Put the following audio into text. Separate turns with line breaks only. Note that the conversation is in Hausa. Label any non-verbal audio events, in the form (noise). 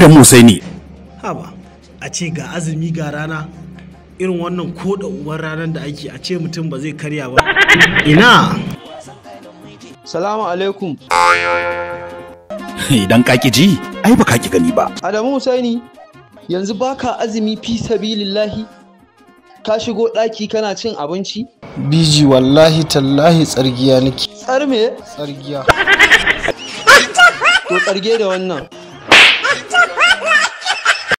sai Musaini.
Haba, a ce ga azumi ga rana irin wannan koda uwar ranar da ake a ce mutum ba zai karya ba.
Ina.
Salamu alaikum.
(laughs) Idan ka ki ji, ai ba ka ki
gani ba. Adamu Husaini, yanzu baka azumi fi sabilillahi ka shigo ɗaki kana cin abinci?
Biji wallahi tallahi tsargiya niki.
Tsar me? Tsargiya. To tsarge da wannan.